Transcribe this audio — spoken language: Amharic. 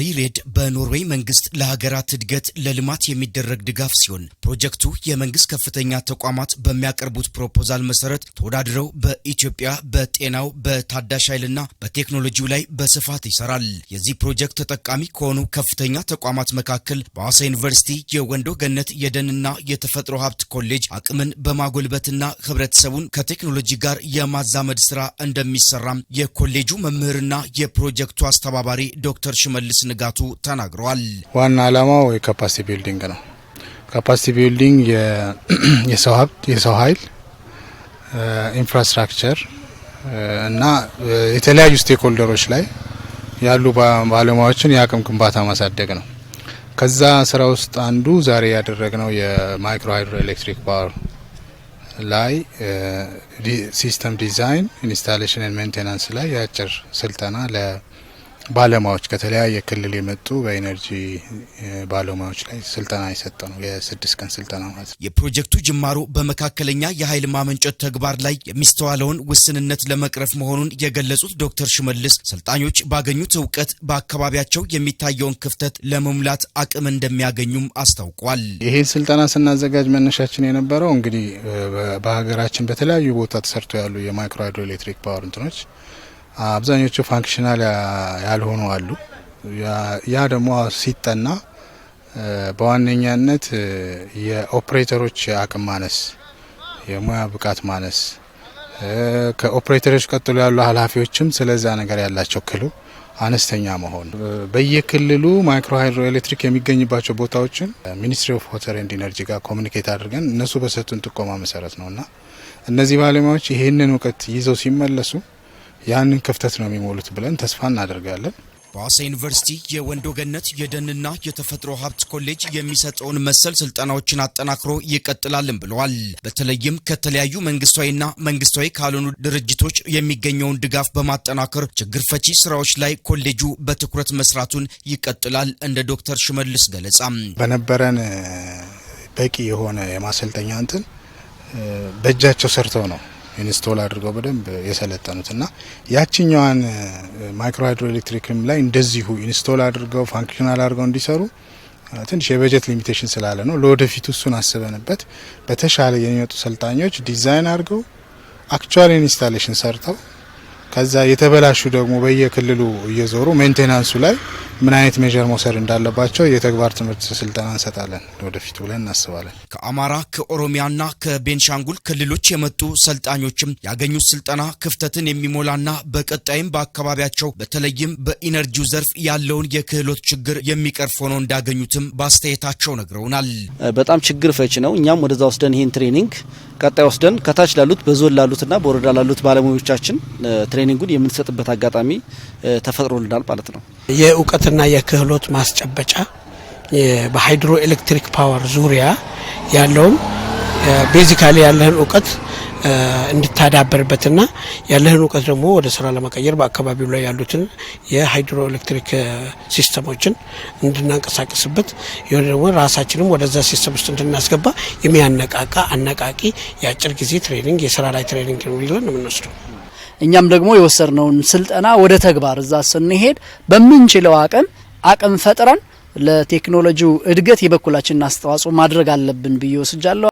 ሪሬድ በኖርዌይ መንግስት ለሀገራት እድገት ለልማት የሚደረግ ድጋፍ ሲሆን ፕሮጀክቱ የመንግስት ከፍተኛ ተቋማት በሚያቀርቡት ፕሮፖዛል መሰረት ተወዳድረው በኢትዮጵያ በጤናው በታዳሽ ኃይልና በቴክኖሎጂው ላይ በስፋት ይሰራል። የዚህ ፕሮጀክት ተጠቃሚ ከሆኑ ከፍተኛ ተቋማት መካከል በሐዋሳ ዩኒቨርሲቲ የወንዶ ገነት የደንና የተፈጥሮ ሀብት ኮሌጅ አቅምን በማጎልበትና ህብረተሰቡን ከቴክኖሎጂ ጋር የማዛመድ ስራ እንደሚሰራም የኮሌጁ መምህርና የፕሮጀክቱ አስተባባሪ ዶክተር ሽመልስ ዮሐንስ ንጋቱ ተናግረዋል። ዋና ዓላማው የካፓሲቲ ቢልዲንግ ነው። ካፓሲቲ ቢልዲንግ የሰው ሀብት፣ የሰው ኃይል፣ ኢንፍራስትራክቸር እና የተለያዩ ስቴክ ሆልደሮች ላይ ያሉ ባለሙያዎችን የአቅም ግንባታ ማሳደግ ነው። ከዛ ስራ ውስጥ አንዱ ዛሬ ያደረግነው የማይክሮ ሃይድሮ ኤሌክትሪክ ፓወር ላይ ሲስተም ዲዛይን ኢንስታሌሽን ን ሜንቴናንስ ላይ የአጭር ስልጠና ባለሙያዎች ከተለያየ ክልል የመጡ በኢነርጂ ባለሙያዎች ላይ ስልጠና የሰጠ ነው። የስድስት ቀን ስልጠና ማለት ነው። የፕሮጀክቱ ጅማሮ በመካከለኛ የኃይል ማመንጨት ተግባር ላይ የሚስተዋለውን ውስንነት ለመቅረፍ መሆኑን የገለጹት ዶክተር ሽመልስ ሰልጣኞች ባገኙት እውቀት በአካባቢያቸው የሚታየውን ክፍተት ለመሙላት አቅም እንደሚያገኙም አስታውቋል። ይህን ስልጠና ስናዘጋጅ መነሻችን የነበረው እንግዲህ በሀገራችን በተለያዩ ቦታ ተሰርቶ ያሉ የማይክሮ ሃይድሮ ኤሌክትሪክ ፓወር እንትኖች አብዛኞቹ ፋንክሽናል ያልሆኑ አሉ። ያ ደግሞ ሲጠና በዋነኛነት የኦፕሬተሮች አቅም ማነስ፣ የሙያ ብቃት ማነስ፣ ከኦፕሬተሮች ቀጥሎ ያሉ ኃላፊዎችም ስለዛ ነገር ያላቸው ክሉ አነስተኛ መሆን በየክልሉ ማይክሮ ሃይድሮ ኤሌክትሪክ የሚገኝባቸው ቦታዎችን ሚኒስትሪ ኦፍ ዋተር ኤንድ ኢነርጂ ጋር ኮሚኒኬት አድርገን እነሱ በሰጡን ጥቆማ መሰረት ነው እና እነዚህ ባለሙያዎች ይህንን እውቀት ይዘው ሲመለሱ ያንን ክፍተት ነው የሚሞሉት ብለን ተስፋ እናደርጋለን። በአዋሳ ዩኒቨርሲቲ የወንዶ ገነት የደንና የተፈጥሮ ሀብት ኮሌጅ የሚሰጠውን መሰል ስልጠናዎችን አጠናክሮ ይቀጥላልን ብለዋል። በተለይም ከተለያዩ መንግስታዊና መንግስታዊ ካልሆኑ ድርጅቶች የሚገኘውን ድጋፍ በማጠናከር ችግር ፈቺ ስራዎች ላይ ኮሌጁ በትኩረት መስራቱን ይቀጥላል። እንደ ዶክተር ሽመልስ ገለጻ በነበረን በቂ የሆነ የማሰልጠኛ እንትን በእጃቸው ሰርተው ነው ኢንስቶል አድርገው በደንብ የሰለጠኑት እና ያችኛዋን ማይክሮ ሃይድሮ ኤሌክትሪክም ላይ እንደዚሁ ኢንስቶል አድርገው ፋንክሽናል አድርገው እንዲሰሩ ትንሽ የበጀት ሊሚቴሽን ስላለ ነው። ለወደፊቱ እሱን አስበንበት በተሻለ የሚመጡ ሰልጣኞች ዲዛይን አድርገው አክቹዋል ኢንስታሌሽን ሰርተው ከዛ የተበላሹ ደግሞ በየክልሉ እየዞሩ ሜንቴናንሱ ላይ ምን አይነት ሜዥር መውሰድ እንዳለባቸው የተግባር ትምህርት ስልጠና እንሰጣለን ወደፊት ብለን እናስባለን። ከአማራ ከኦሮሚያና ከቤንሻንጉል ክልሎች የመጡ ሰልጣኞችም ያገኙት ስልጠና ክፍተትን የሚሞላና በቀጣይም በአካባቢያቸው በተለይም በኢነርጂው ዘርፍ ያለውን የክህሎት ችግር የሚቀርፍ ሆኖ እንዳገኙትም በአስተያየታቸው ነግረውናል። በጣም ችግር ፈች ነው። እኛም ወደዛ ወስደን ይህን ትሬኒንግ ቀጣይ ወስደን ከታች ላሉት በዞን ላሉትና በወረዳ ላሉት ባለሙያዎቻችን ትሬኒንጉን የምንሰጥበት አጋጣሚ ተፈጥሮልናል ማለት ነው የእውቀት የእውቀትና የክህሎት ማስጨበጫ በሃይድሮ ኤሌክትሪክ ፓወር ዙሪያ ያለውን ቤዚካሊ ያለህን እውቀት እንድታዳበርበትና ያለህን እውቀት ደግሞ ወደ ስራ ለመቀየር በአካባቢው ላይ ያሉትን የሃይድሮ ኤሌክትሪክ ሲስተሞችን እንድናንቀሳቀስበት ይሁን ደግሞ ራሳችንም ወደዛ ሲስተም ውስጥ እንድናስገባ የሚያነቃቃ አነቃቂ የአጭር ጊዜ ትሬኒንግ የስራ ላይ ትሬኒንግ ነው ብለን የምንወስደው። እኛም ደግሞ የወሰድነውን ስልጠና ወደ ተግባር እዛ ስንሄድ በምንችለው አቅም አቅም ፈጥረን ለቴክኖሎጂው እድገት የበኩላችንን አስተዋጽኦ ማድረግ አለብን ብዬ ወስጃለሁ።